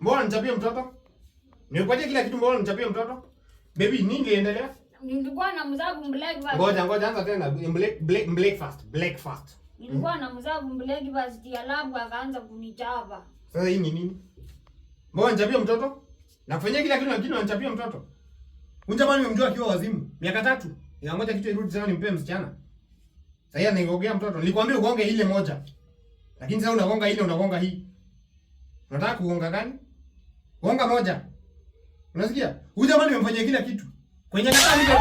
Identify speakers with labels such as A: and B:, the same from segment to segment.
A: Mbona nichapie mtoto? Nimekwaje kila kitu mbona nichapie mtoto? Baby, nini iliendelea?
B: Nilikuwa na mbleki basi.
A: Ngoja ngoja anza tena mbleki mbleki fast, breakfast, fast.
B: Nilikuwa na mbleki basi ya labu akaanza kunichapa.
A: Sasa hii ni nini? Mbona nichapie mtoto? Nafanyia kila kitu lakini unanichapia mtoto. Unja Unjamani nimemjua akiwa wazimu, miaka tatu. Ngoja kitu irudi sana nimpe msichana. Sasa yeye anaigongea mtoto. Nilikwambia ugonge ile moja. Lakini sasa unagonga ile unagonga hii. Unataka kugonga gani? Bonga moja. Unasikia? Huyu jamani amemfanyia kila kitu. Kwenye kata hiyo.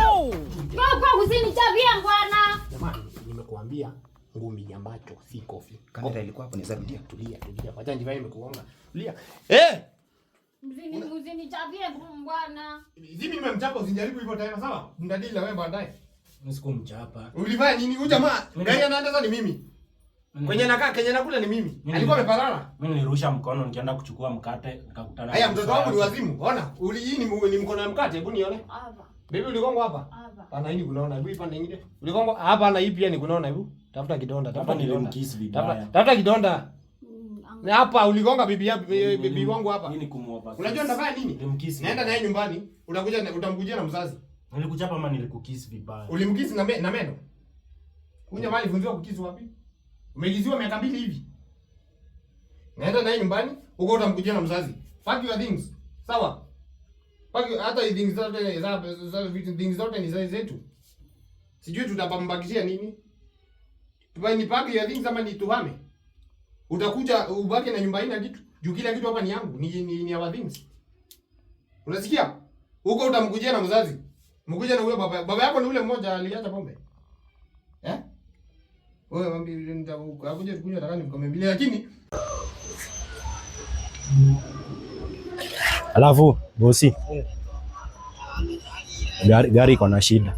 B: Kwa usini tabia bwana.
C: Jamani, nimekuambia ngumi ambacho si kofi. Kamera ilikuwa hapo ni nisarudia. Tulia, tulia. Wacha njiva imekuonga. Tulia.
A: Eh!
B: Mzini mzini tabia bwana.
A: Zimi nimemchapa usijaribu hivyo tena sawa? Mdadili wewe baadaye.
D: Nisikumchapa.
A: Ulifanya nini? Huyu jamaa gani anaenda ni mimi. Mm. Kwenye nakaa kenye nakula ni mimi. Mini, alikuwa amepalala.
D: Mimi nilirusha mkono nikienda kuchukua mkate
A: nikakutana. Haya mtoto wangu ni wazimu. Ona, uli hii ni, ni mkono ya mkate, hebu nione. Hapa. Bibi uligongo hapa? Hapa. Pana hii kunaona, hebu ipande nyingine. Uligongo hapa na hii pia ni kunaona hebu. Tafuta kidonda, tafuta kidonda. Tafuta, tafuta kidonda. Mm, hapa uligonga bibi ya bibi wangu hapa.
D: Nini kumuopa?
A: Unajua ndafanya nini? Nimkisi. Naenda naye nyumbani, Unakuja utamkujia na mzazi.
D: Nilikuja hapa ama nilikukisi vibaya.
A: Ulimkisi na meno? Kunya mali vunjwa kukiss wapi? Umeigiziwa miaka mbili hivi. Naenda naye nyumbani, huko utamkujia na mzazi. Pack your things. Sawa? Pack your other things zote ni za za vitu things zote ni za zetu. Sijui tutapambakishia nini? Tupai ni pack your things ama ni tuhame. Utakuja ubaki na nyumba ina kitu. Juu kila kitu hapa ni yangu, ni ni, ni our things. Unasikia? Huko utamkujia na mzazi. Mkuja na huyo baba. Baba yako ni ule mmoja aliacha pombe. Eh? Yeah? Wewe mwambie nitakuja akuja tukunywa nataka nimkombe mbili lakini
E: Alafu bosi. Gari gari iko na shida.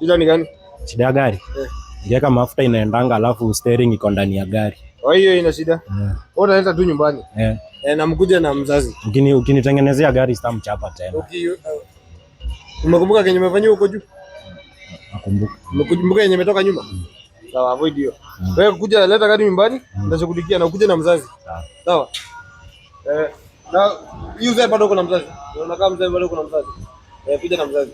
E: Shida ni gani? Shida ya gari. Ingiweka eh. yeah, mafuta inaendanga alafu steering iko ndani ya gari.
A: Kwa hiyo ina shida. Yeah. Utaleta tu nyumbani. Yeah. E, eh, na mkuja na mzazi.
E: Ukini ukinitengenezea gari sitamchapa tena.
A: Okay, uh, umekumbuka kenye umefanyia huko juu? Nakumbuka. Umekumbuka yenye imetoka nyuma? Mm. Sawa, avoid hiyo. Wewe kuja leta kadi nyumbani, mm. nitashughulikia na ukuje na mzazi. Sawa. Eh, na user bado kuna mzazi. Unaona kama mzazi bado kuna mzazi. Eh, kuja na mzazi.